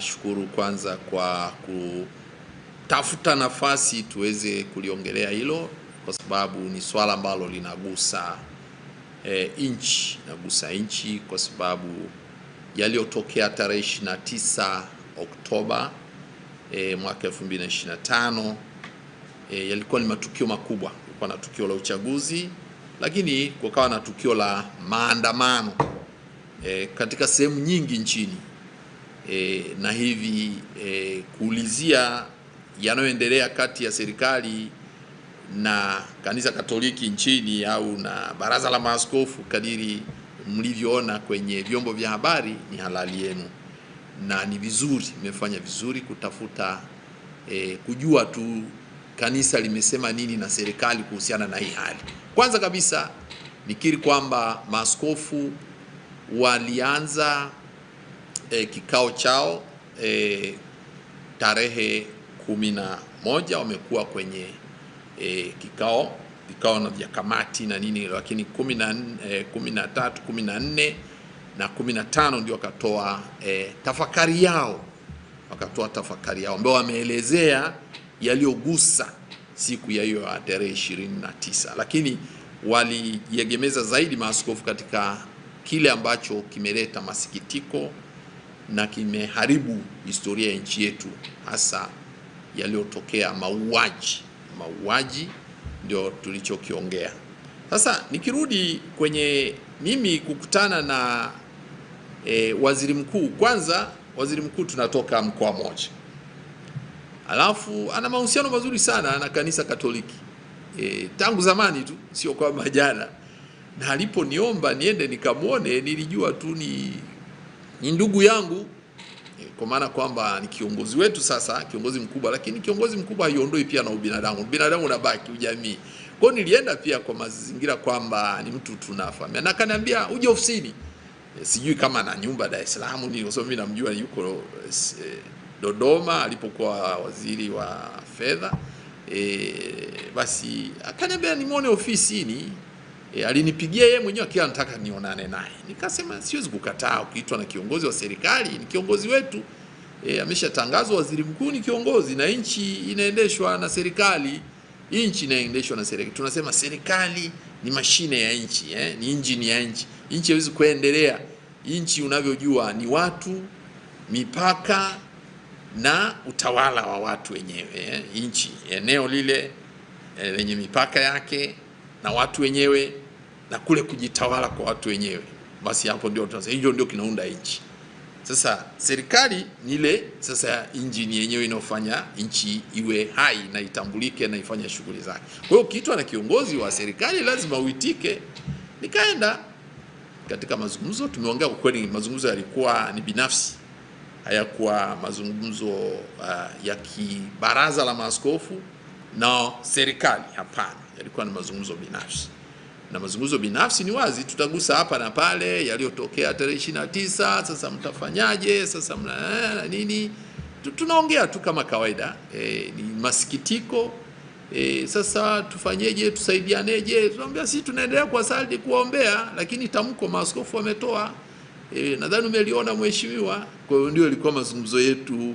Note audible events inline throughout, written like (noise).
nashukuru kwanza kwa kutafuta nafasi tuweze kuliongelea hilo, kwa sababu ni swala ambalo linagusa e, eh, nchi nagusa nchi kwa sababu yaliyotokea tarehe 29 Oktoba e, mwaka 2025 e, eh, yalikuwa ni matukio makubwa. Kulikuwa na tukio la uchaguzi, lakini kukawa na tukio la maandamano e, katika sehemu nyingi nchini e, na hivi e, kuulizia yanayoendelea kati ya serikali na kanisa Katoliki nchini au na baraza la maaskofu kadiri mlivyoona kwenye vyombo vya habari ni halali yenu, na ni vizuri, mmefanya vizuri kutafuta e, kujua tu kanisa limesema nini na serikali kuhusiana na hii hali. Kwanza kabisa nikiri kwamba maaskofu walianza eh, kikao chao eh, tarehe kumi na moja wamekuwa kwenye eh, kikao vikao vya kamati na nini, lakini kumi na eh, kumi na tatu kumi na nne na kumi na tano ndio wakatoa eh, tafakari yao wakatoa tafakari yao ambao wameelezea yaliyogusa siku ya hiyo ya tarehe tisa lakini waliegemeza zaidi maaskofu katika kile ambacho kimeleta masikitiko na kimeharibu historia ya nchi yetu, hasa yaliyotokea mauaji. Mauaji ndio tulichokiongea. Sasa nikirudi kwenye mimi kukutana na e, waziri mkuu, kwanza waziri mkuu tunatoka mkoa mmoja, alafu ana mahusiano mazuri sana na kanisa Katoliki e, tangu zamani tu, sio kwamba jana, na aliponiomba niende nikamwone nilijua tu ni ni ndugu yangu, kwa maana kwamba ni kiongozi wetu sasa, kiongozi mkubwa. Lakini kiongozi mkubwa haiondoi pia na ubinadamu, ubinadamu unabaki, ujamii. Kwa hiyo nilienda pia kwa mazingira kwamba ni mtu tunafahamia, na akaniambia uje ofisini. Eh, sijui kama na nyumba Dar es Salaam ni kwa sababu mimi namjua yuko eh, Dodoma alipokuwa waziri wa fedha. E, basi akaniambia nimwone ofisini. E, alinipigia yeye mwenyewe akiwa anataka nionane naye. Nikasema siwezi kukataa, ukiitwa na kiongozi wa serikali ni kiongozi wetu. E, ameshatangazwa waziri mkuu ni kiongozi, na nchi inaendeshwa na serikali. Nchi inaendeshwa na serikali. Tunasema serikali ni mashine ya nchi eh, ni injini ya nchi. Nchi haiwezi kuendelea, nchi unavyojua ni watu, mipaka na utawala wa watu wenyewe eh, nchi eneo lile eh, lenye mipaka yake na watu wenyewe na kule kujitawala kwa watu wenyewe, basi hapo ndio tunasema hiyo ndio kinaunda nchi. Sasa serikali ni ile sasa injini yenyewe inayofanya nchi iwe hai na itambulike na ifanye shughuli zake. Kwa hiyo ukiitwa na kiongozi wa serikali lazima uitike. Nikaenda katika mazungumzo, tumeongea kwa kweli, mazungumzo yalikuwa ni binafsi, hayakuwa mazungumzo uh, ya kibaraza la maaskofu na serikali, hapana yalikuwa ni mazungumzo binafsi, na mazungumzo binafsi ni wazi, tutagusa hapa na pale yaliyotokea tarehe ishirini tisa. Sasa mtafanyaje? Sasa mna eh, nini? Tunaongea tu kama kawaida e, ni masikitiko e, sasa tufanyeje? Tusaidianeje? Tunaambia sisi tunaendelea sadi kuombea lakini tamko maaskofu wametoa, e, nadhani umeliona mheshimiwa. Kwa hiyo ndio ilikuwa mazungumzo yetu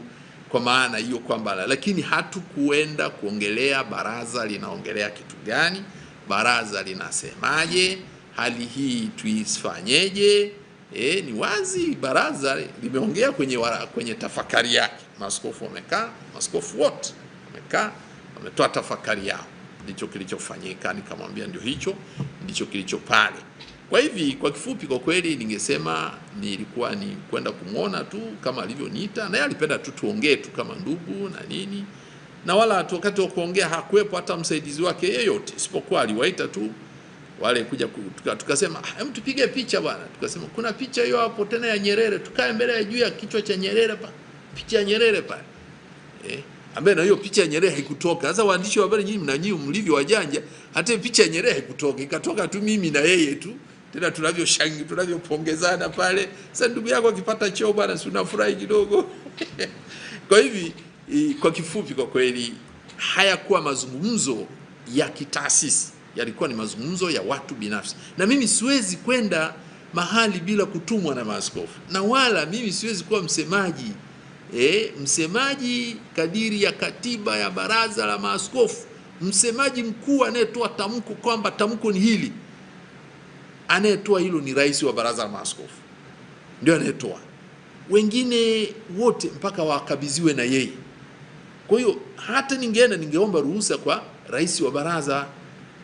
kwa maana hiyo kwamba, lakini hatukuenda kuongelea baraza linaongelea kitu gani, baraza linasemaje, hali hii tuifanyeje? E, ni wazi baraza limeongea kwenye, kwenye tafakari yake. Maaskofu wamekaa, maaskofu wote wamekaa, wametoa tafakari yao. Ndicho kilichofanyika, nikamwambia ndio hicho ndicho kilicho pale. Kwa hivi kwa kifupi, kwa kweli ningesema nilikuwa ni kwenda kumwona tu kama alivyoniita, na yeye alipenda tu tuongee tu kama ndugu na nini, na wala tu wakati wa kuongea hakuwepo hata msaidizi wake yeyote, isipokuwa aliwaita tu wale kuja kutuka, tukasema ah, hem, tupige picha bwana. Tukasema kuna picha hiyo hapo tena ya Nyerere, tukae mbele ya juu ya kichwa cha Nyerere pa picha ya Nyerere pa eh, ambaye na hiyo picha ya Nyerere haikutoka. Sasa waandishi wa habari nyinyi, mna nyinyi mlivyo wajanja, hata picha ya Nyerere haikutoka, ikatoka tu mimi na yeye tu tena tunavyoshangi tunavyopongezana pale. Sasa ndugu yako akipata cheo bwana, si unafurahi kidogo? (laughs) Kwa hivi, kwa kifupi, kwa kweli hayakuwa mazungumzo ya kitaasisi, yalikuwa ni mazungumzo ya watu binafsi, na mimi siwezi kwenda mahali bila kutumwa na maaskofu, na wala mimi siwezi kuwa msemaji e, msemaji kadiri ya katiba ya baraza la maaskofu, msemaji mkuu anayetoa tamko kwamba tamko ni hili Anayetoa hilo ni rais wa baraza la maaskofu, ndio anayetoa. Wengine wote mpaka wakabidhiwe na yeye. Kwa hiyo hata ningeenda ningeomba ruhusa kwa rais wa baraza,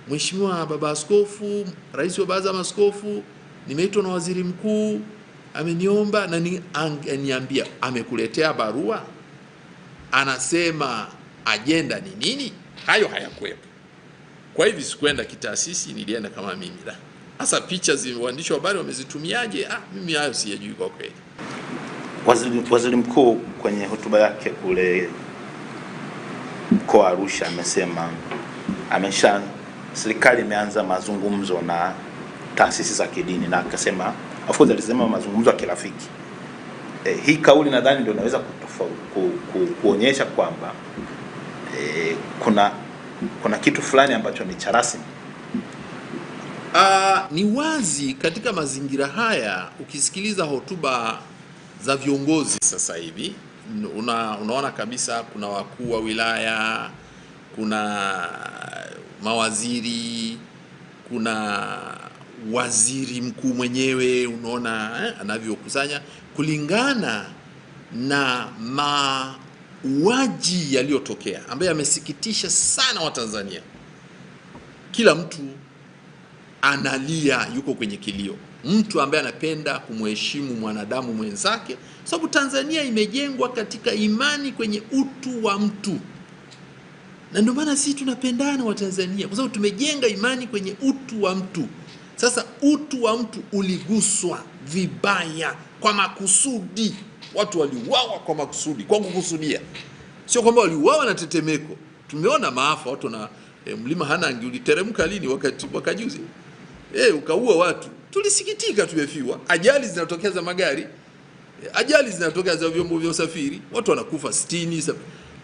Mheshimiwa baba askofu, rais wa baraza la maaskofu, nimeitwa na waziri mkuu ameniomba na ni, niambia amekuletea barua, anasema ajenda ni nini? Hayo hayakuwepo. Kwa hivyo sikuenda kitaasisi, nilienda kama mimi la Hasa picha waandishi wa habari wamezitumiaje? Ah, mimi hayo siyajui kwa kweli. Waziri, waziri mkuu kwenye hotuba yake kule mkoa Arusha amesema amesha serikali imeanza mazungumzo na taasisi za kidini na akasema of course alisema mazungumzo ya kirafiki. E, hii kauli nadhani ndio inaweza ku, ku, kuonyesha kwamba e, kuna kuna kitu fulani ambacho ni cha rasmi Uh, ni wazi katika mazingira haya ukisikiliza hotuba za viongozi sasa hivi una, unaona kabisa kuna wakuu wa wilaya, kuna mawaziri, kuna waziri mkuu mwenyewe unaona eh, anavyokusanya kulingana na mauaji yaliyotokea ambayo yamesikitisha sana Watanzania. Kila mtu analia, yuko kwenye kilio, mtu ambaye anapenda kumheshimu mwanadamu mwenzake, sababu Tanzania imejengwa katika imani kwenye utu wa mtu, na ndio maana sisi tunapendana Watanzania, kwa sababu tumejenga imani kwenye utu wa mtu. Sasa utu wa mtu uliguswa vibaya kwa makusudi, watu waliuawa kwa makusudi, kwa kukusudia, sio kwamba waliuawa na tetemeko. Tumeona maafa watu na e, eh, mlima Hanangi uliteremka lini? Wakati wakajuzi eh, ukaua watu. Tulisikitika, tumefiwa. Ajali zinatokea za magari, eh, ajali zinatokea za vyombo vya usafiri, watu wanakufa sitini,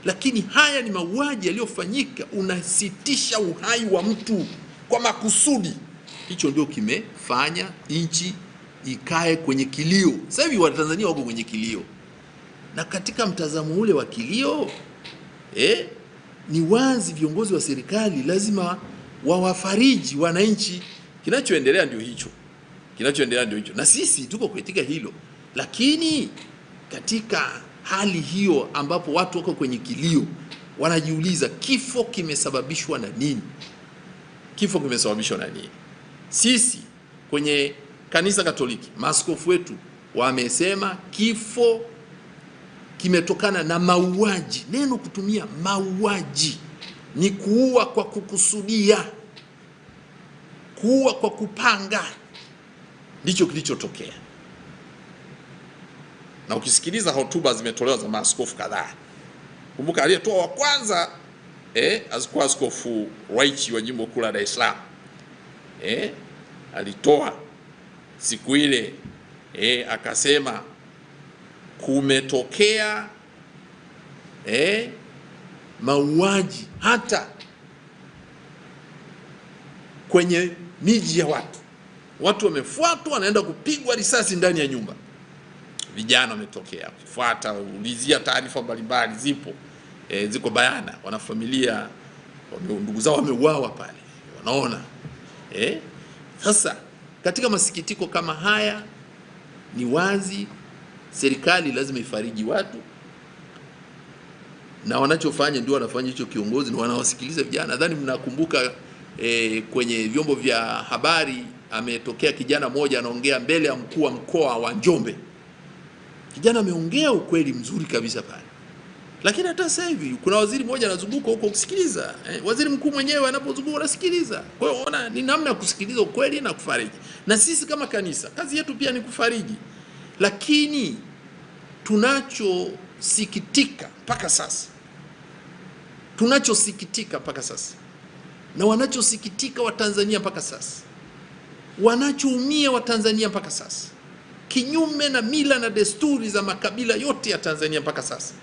lakini haya ni mauaji yaliyofanyika. Unasitisha uhai wa mtu kwa makusudi. Hicho ndio kimefanya nchi ikae kwenye kilio. Sasa hivi Watanzania wako kwenye kilio, na katika mtazamo ule wa kilio eh, ni wazi viongozi wa serikali lazima wawafariji wananchi. Kinachoendelea ndio hicho, kinachoendelea ndio hicho, na sisi tuko katika hilo, lakini katika hali hiyo ambapo watu wako kwenye kilio, wanajiuliza kifo kimesababishwa na nini? Kifo kimesababishwa na nini? Sisi kwenye kanisa Katoliki, maaskofu wetu wamesema kifo kimetokana na mauaji. Neno kutumia mauaji ni kuua kwa kukusudia kuua kwa kupanga ndicho kilichotokea. Na ukisikiliza hotuba zimetolewa za maaskofu kadhaa, kumbuka aliyetoa wa kwanza eh, azikuwa Askofu waichi wa jimbo kuu la Dar es Salaam eh, alitoa siku ile eh, akasema kumetokea eh, mauaji hata kwenye miji ya watu, watu wamefuatwa, wanaenda kupigwa risasi ndani ya nyumba, vijana wametokea kifuata ulizia taarifa mbalimbali zipo e, ziko bayana, wanafamilia ndugu zao wameuawa pale, wanaona e. Sasa katika masikitiko kama haya, ni wazi serikali lazima ifariji watu na wanachofanya ndio wanafanya hicho kiongozi, na wanawasikiliza vijana. Nadhani mnakumbuka e, kwenye vyombo vya habari ametokea kijana mmoja anaongea mbele ya mkuu wa mkoa wa Njombe. Kijana ameongea ukweli mzuri kabisa pale, lakini hata sasa hivi kuna waziri mmoja anazunguka huko kusikiliza eh, waziri mkuu mwenyewe anapozunguka anasikiliza Kwa hiyo ona, ni namna ya kusikiliza ukweli na kufariji. Na sisi kama kanisa kazi yetu pia ni kufariji, lakini tunachosikitika mpaka sasa tunachosikitika mpaka sasa na wanachosikitika Watanzania mpaka sasa, wanachoumia Watanzania mpaka sasa, kinyume na mila na desturi za makabila yote ya Tanzania mpaka sasa,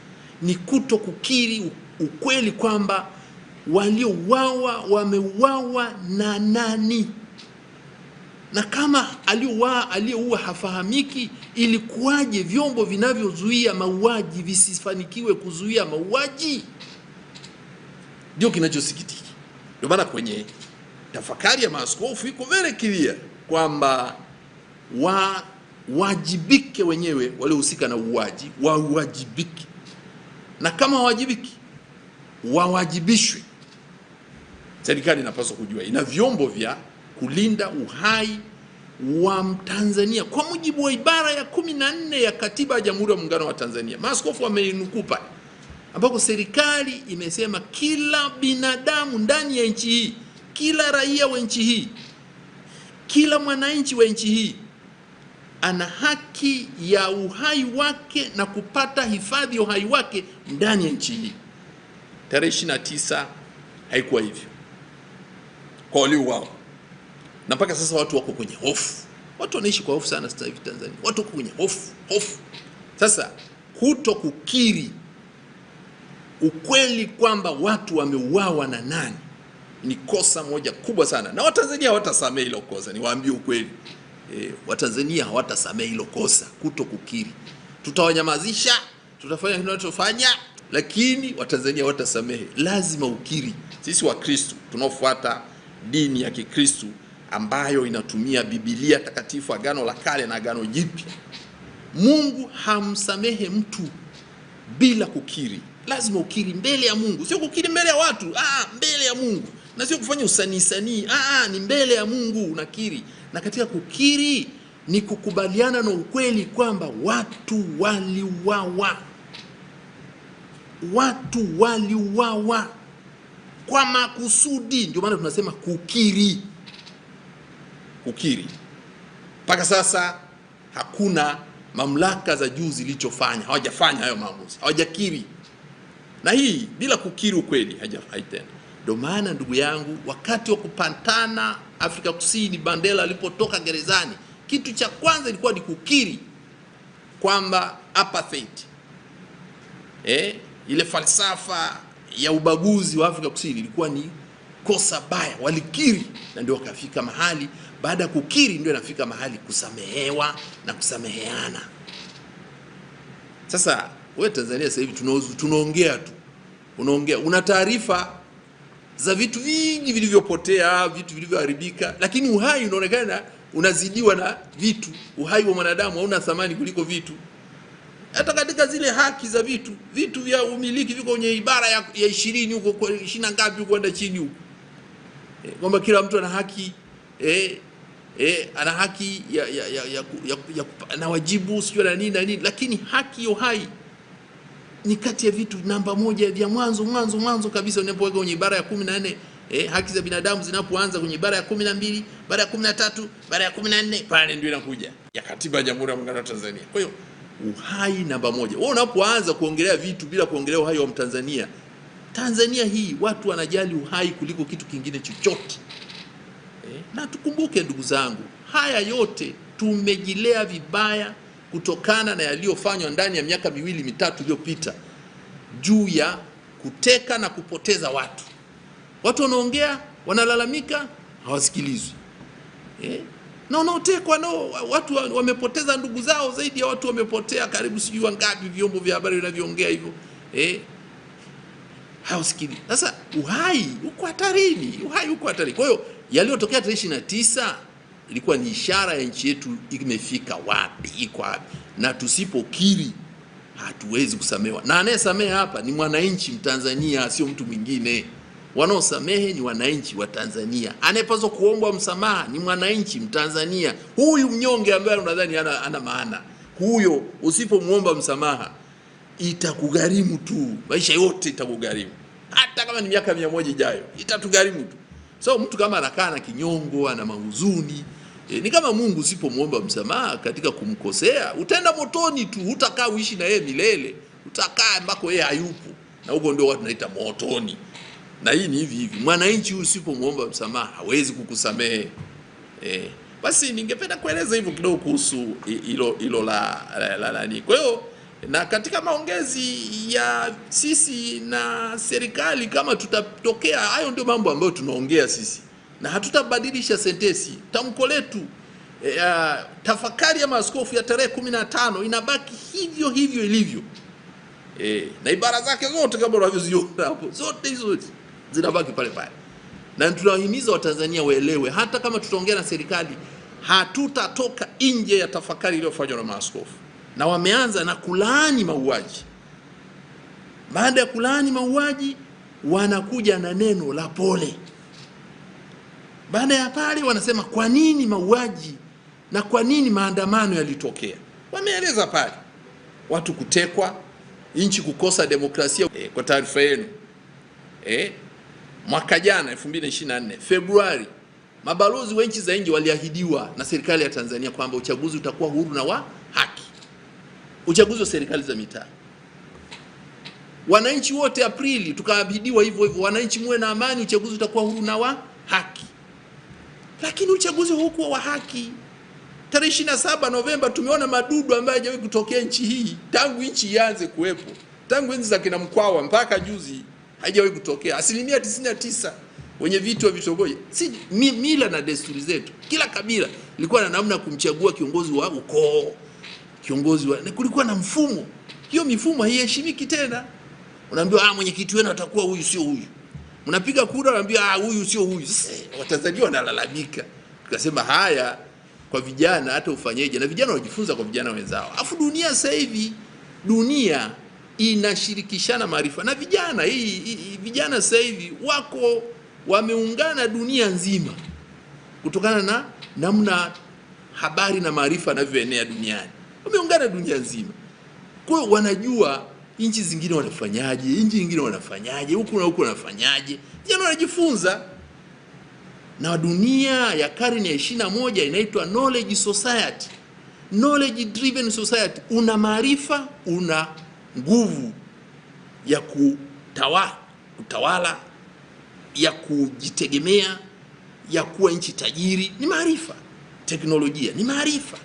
ni kuto kukiri ukweli kwamba waliouawa wameuawa na nani, na kama aliyeua hafahamiki, ilikuwaje vyombo vinavyozuia mauaji visifanikiwe kuzuia mauaji? Ndio kinachosikitika. Ndio maana kwenye tafakari ya maaskofu iko very clear kwamba wa wajibike wenyewe waliohusika na uwaji wawajibike, na kama wawajibiki wawajibishwe. Serikali inapaswa kujua ina vyombo vya kulinda uhai wa Mtanzania kwa mujibu wa ibara ya kumi na nne ya katiba ya Jamhuri ya Muungano wa Tanzania. Maaskofu wameinukuu pale ambapo serikali imesema kila binadamu ndani ya nchi hii, kila raia wa nchi hii, kila mwananchi wa nchi hii ana haki ya uhai wake na kupata hifadhi ya uhai wake ndani ya nchi hii. Tarehe 29 haikuwa hivyo kwa waliouawa, na mpaka sasa watu wako kwenye hofu. Watu wanaishi kwa hofu sana sasa hivi Tanzania, watu wako kwenye hofu hofu. Sasa kuto kukiri ukweli kwamba watu wameuawa na nani ni kosa moja kubwa sana, na Watanzania hawatasamehe hilo kosa. Niwaambie ukweli e, Watanzania hawatasamehe hilo kosa, kuto kukiri. Tutawanyamazisha, tutafanya tunachofanya, lakini Watanzania hawatasamehe. Lazima ukiri. Sisi Wakristo tunaofuata dini ya Kikristo ambayo inatumia Biblia Takatifu, Agano la Kale na Agano Jipya, Mungu hamsamehe mtu bila kukiri lazima ukiri mbele ya Mungu, sio kukiri mbele ya watu. ah, mbele ya Mungu, na sio kufanya usanii sanii. Ah, ah, ni mbele ya Mungu unakiri, na katika kukiri ni kukubaliana na ukweli kwamba watu waliuawa, watu waliuawa kwa makusudi. Ndio maana tunasema kukiri, kukiri. Mpaka sasa hakuna mamlaka za juu zilichofanya, hawajafanya hayo maamuzi, hawajakiri na hii bila kukiri ukweli hajafai tena. Ndio maana ndugu yangu, wakati wa kupatana Afrika Kusini, Mandela alipotoka gerezani, kitu cha kwanza ilikuwa ni kukiri kwamba apartheid, eh, ile falsafa ya ubaguzi wa Afrika Kusini ilikuwa ni kosa baya, walikiri na ndio wakafika mahali. Baada ya kukiri, ndio inafika mahali kusamehewa na kusameheana. Sasa wewe Tanzania, sasa hivi tunaongea tu unaongea, una taarifa za vitu vingi vilivyopotea, vitu vilivyoharibika, lakini uhai unaonekana unazidiwa na vitu. Uhai wa mwanadamu hauna thamani kuliko vitu. Hata katika zile haki za vitu, vitu vya umiliki viko kwenye ibara ya, ya ishirini huko ishirini ngapi huko kwenda chini huko e, kwamba kila mtu ana haki e, e, ana haki ya, ya, ya, ya, ya, ya, ya, na wajibu sio na nini na nini, lakini haki ya uhai ni kati ya vitu namba moja vya mwanzo mwanzo mwanzo kabisa unapoweka kwenye ibara ya kumi na nne eh, haki za binadamu zinapoanza kwenye ibara ya kumi na mbili ibara ya kumi na tatu ibara ya kumi na nne pale ndio inakuja ya katiba ya Jamhuri ya Muungano wa Tanzania. Kwa hiyo uhai namba moja, wewe unapoanza kuongelea vitu bila kuongelea uhai wa Mtanzania, Tanzania hii watu wanajali uhai kuliko kitu kingine chochote eh, na tukumbuke ndugu zangu, haya yote tumejilea vibaya kutokana na yaliyofanywa ndani ya miaka miwili mitatu iliyopita juu ya kuteka na kupoteza watu. Watu wanaongea, wanalalamika, hawasikilizwi eh? na wanaotekwa no, watu wamepoteza ndugu zao, zaidi ya watu wamepotea karibu sijui wangapi, vyombo vya habari vinavyoongea hivyo eh? hawasikilizwi. Sasa uhai uko hatarini, uhai uko hatarini. Kwa hiyo yaliyotokea tarehe ishirini na tisa ilikuwa ni ishara ya nchi yetu imefika wapi, iko wapi, na tusipokiri hatuwezi kusamewa. Na anayesamehe hapa ni mwananchi Mtanzania, sio mtu mwingine. Wanaosamehe ni wananchi wa Tanzania. Anayepaswa kuombwa msamaha ni mwananchi Mtanzania huyu mnyonge, ambaye unadhani ana, ana maana huyo. Usipomwomba msamaha itakugharimu tu, maisha yote itakugharimu, hata kama ni miaka mia moja ijayo itatugharimu tu. So mtu kama anakaa na kinyongo, ana mahuzuni E, ni kama Mungu usipomwomba msamaha katika kumkosea utaenda motoni tu, utakaa uishi na yeye milele, utakaa ambako yeye hayupo, na huko ndio watu naita motoni. Na hii ni hivi hivi, mwananchi huyu usipomwomba msamaha hawezi kukusamehe Eh, Basi ningependa kueleza hivyo kidogo kuhusu hilo hilo la la, la, la, la. Kwa hiyo na katika maongezi ya sisi na serikali, kama tutatokea hayo, ndio mambo ambayo tunaongea sisi na hatutabadilisha sentesi Tamko letu e, tafakari ya maaskofu ya tarehe 15 inabaki hivyo hivyo ilivyo e, na ibara zake zote kama unavyoziona hapo, zote hizo zinabaki pale pale, na tunawahimiza Watanzania waelewe, hata kama tutaongea na serikali hatutatoka nje ya tafakari iliyofanywa na maaskofu, na wameanza na kulaani mauaji. Baada ya kulaani mauaji, wanakuja na neno la pole. Baada ya pale, wanasema kwa nini mauaji na kwa nini maandamano yalitokea. Wameeleza pale watu kutekwa, nchi kukosa demokrasia. E, kwa taarifa yenu e, mwaka jana 2024 Februari, mabalozi wa nchi za nje waliahidiwa na serikali ya Tanzania kwamba uchaguzi utakuwa huru na wa haki, uchaguzi wa serikali za mitaa wananchi wote. Aprili tukaahidiwa hivyo hivyo, wananchi muwe na amani, uchaguzi utakuwa huru na wa haki lakini uchaguzi haukuwa wa haki. Tarehe 27 Novemba tumeona madudu ambayo hajawahi kutokea nchi hii tangu nchi ianze kuwepo, tangu enzi za kina Mkwawa mpaka juzi haijawahi kutokea. Asilimia 99 wenye vitu wa vitongoji, si mila na desturi zetu. Kila kabila lilikuwa na namna kumchagua kiongozi wa ukoo, kiongozi wa, kulikuwa na mfumo. Hiyo mifumo haiheshimiki tena, unaambiwa ah, mwenyekiti wenu atakuwa huyu, sio huyu mnapiga kura, naambia ah, huyu sio huyu. Sasa Watanzania wanalalamika, tukasema haya kwa vijana, hata ufanyeje? Na vijana wanajifunza kwa vijana wenzao, afu dunia sasa hivi dunia inashirikishana maarifa na vijana. Hii vijana sasa hivi wako wameungana dunia nzima kutokana na namna habari na maarifa yanavyoenea duniani, wameungana dunia nzima, kwa hiyo wanajua nchi zingine wanafanyaje, nchi nyingine wanafanyaje, huku na huku wanafanyaje. Vijana wanajifunza, na dunia ya karne ya ishirini na moja inaitwa knowledge society, knowledge driven society. Una maarifa, una nguvu ya kutawa, kutawala, ya kujitegemea, ya kuwa nchi tajiri. Ni maarifa. Teknolojia ni maarifa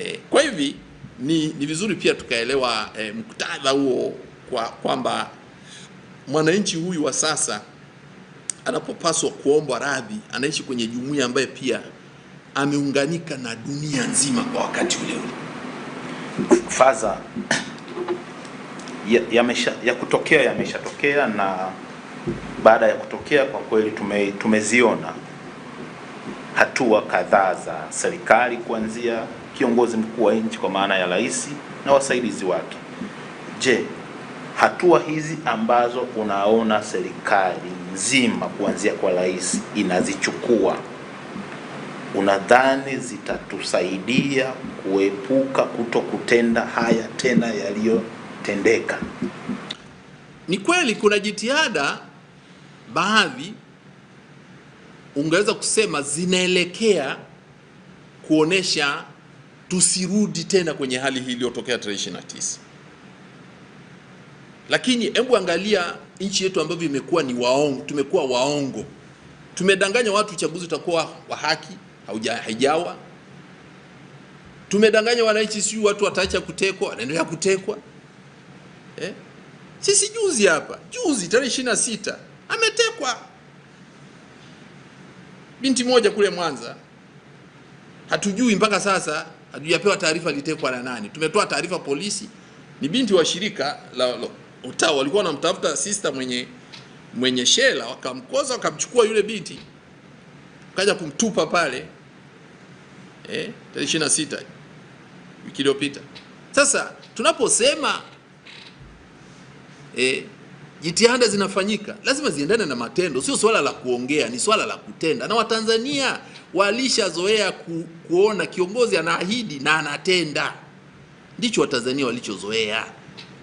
eh, kwa hivi ni, ni vizuri pia tukaelewa e, muktadha huo kwa kwamba mwananchi huyu wa sasa anapopaswa kuombwa radhi anaishi kwenye jumuiya ambaye pia ameunganika na dunia nzima kwa wakati ule ule. Faza ya, ya, mesha, ya kutokea yameshatokea na baada ya kutokea kwa kweli tume, tumeziona hatua kadhaa za serikali kuanzia kiongozi mkuu wa nchi kwa maana ya rais na wasaidizi wake. Je, hatua hizi ambazo unaona serikali nzima kuanzia kwa rais inazichukua unadhani zitatusaidia kuepuka kuto kutenda haya tena yaliyotendeka? Ni kweli kuna jitihada baadhi, ungeweza kusema zinaelekea kuonesha tusirudi tena kwenye hali hii iliyotokea tarehe 29. Lakini hebu angalia nchi yetu ambavyo imekuwa ni waongo, tumekuwa waongo, tumedanganya watu uchaguzi utakuwa wa haki, haijawa tumedanganya wananchi, si watu wataacha kutekwa, wanaendelea kutekwa eh? Sisi juzi hapa juzi tarehe ishirini na sita ametekwa binti moja kule Mwanza, hatujui mpaka sasa hatujapewa taarifa litekwa na nani. Tumetoa taarifa polisi, ni binti wa shirika la, utawa walikuwa wanamtafuta sister mwenye mwenye shela, wakamkoza wakamchukua yule binti, kaja kumtupa pale eh, tarehe 26 wiki iliyopita. Sasa tunaposema eh, jitihada zinafanyika, lazima ziendane na matendo, sio swala la kuongea, ni swala la kutenda na Watanzania Walishazoea ku, kuona kiongozi anaahidi na anatenda. Ndicho Watanzania walichozoea.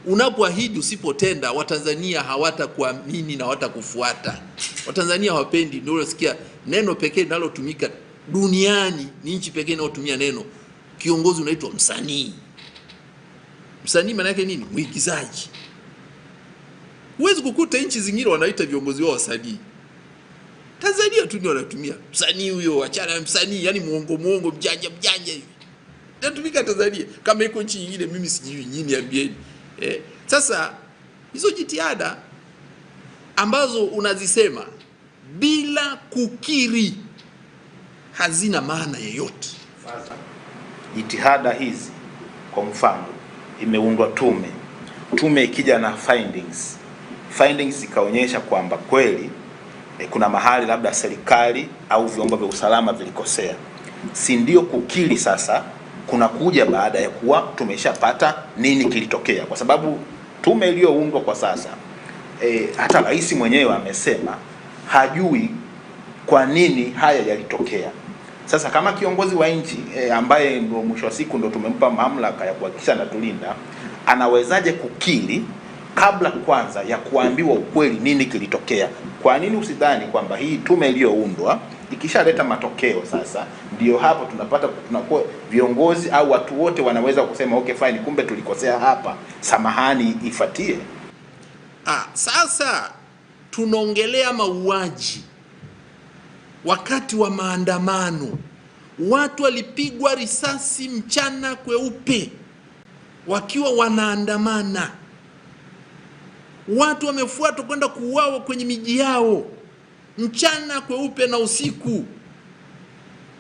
Unapoahidi usipotenda, Watanzania hawatakuamini na hawatakufuata. Watanzania hawapendi, ndio unasikia neno pekee linalotumika duniani, ni nchi pekee inayotumia neno kiongozi unaitwa msanii. Msanii maana yake nini? Mwigizaji. Huwezi kukuta nchi zingine wanaita viongozi wao wasanii. Tanzania tu ndio wanatumia msanii huyo, na msanii, yani muongo muongo, mjanja mjanja hivi natumika Tanzania. Kama iko nchi nyingine mimi sijui, nyinyi niambieni. Eh, sasa hizo jitihada ambazo unazisema bila kukiri hazina maana yoyote. Jitihada hizi kwa mfano, imeundwa tume, tume ikija na findings, findings ikaonyesha kwamba kweli Eh, kuna mahali labda serikali au vyombo vya usalama vilikosea, si ndio? Kukiri sasa kuna kuja baada ya kuwa tumeshapata nini kilitokea, kwa sababu tume iliyoundwa kwa sasa e, hata rais mwenyewe amesema hajui kwa nini haya yalitokea. Sasa kama kiongozi wa nchi e, ambaye ndio mwisho wa siku ndo tumempa mamlaka ya kuhakikisha natulinda, anawezaje kukiri kabla kwanza ya kuambiwa ukweli nini kilitokea? Kwa nini usidhani kwamba hii tume iliyoundwa ikishaleta matokeo sasa, ndio hapo tunapata tunakuwa viongozi au watu wote wanaweza kusema okay, fine, kumbe tulikosea hapa, samahani, ifuatie. Ah, sasa tunaongelea mauaji wakati wa maandamano, watu walipigwa risasi mchana kweupe wakiwa wanaandamana. Watu wamefuatwa kwenda kuuawa kwenye miji yao mchana kweupe na usiku.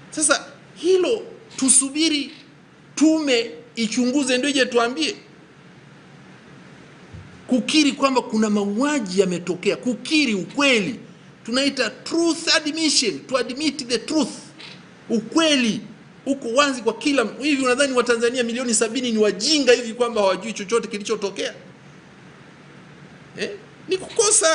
Sasa hilo tusubiri tume ichunguze, ndio ije tuambie. Kukiri kwamba kuna mauaji yametokea, kukiri ukweli, tunaita truth admission, to admit the truth, ukweli uko wazi kwa kila hivi. Unadhani Watanzania milioni sabini ni wajinga hivi kwamba hawajui chochote kilichotokea? Eh? ni kukosa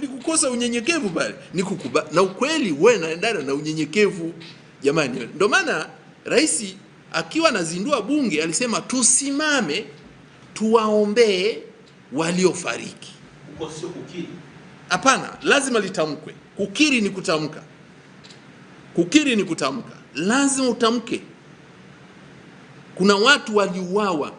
ni kukosa unyenyekevu pale, ni kukuba na ukweli, wewe naendana na unyenyekevu jamani. Ndio maana rais akiwa anazindua bunge alisema tusimame tuwaombee waliofariki. Huko sio kukiri, hapana, lazima litamkwe. Kukiri ni kutamka, kukiri ni kutamka, lazima utamke. Kuna watu waliuawa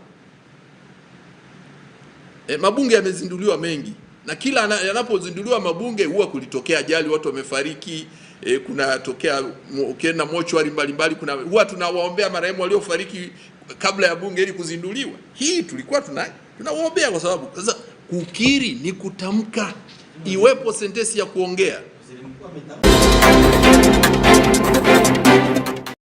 e, mabunge yamezinduliwa mengi na kila yanapozinduliwa mabunge huwa kulitokea ajali, watu wamefariki e, eh, kunatokea ukienda mochwari mbalimbali, kuna huwa tunawaombea marehemu waliofariki kabla ya bunge ili kuzinduliwa. Hii tulikuwa tuna tunawaombea kwa sababu sasa kukiri ni kutamka, iwepo sentensi ya kuongea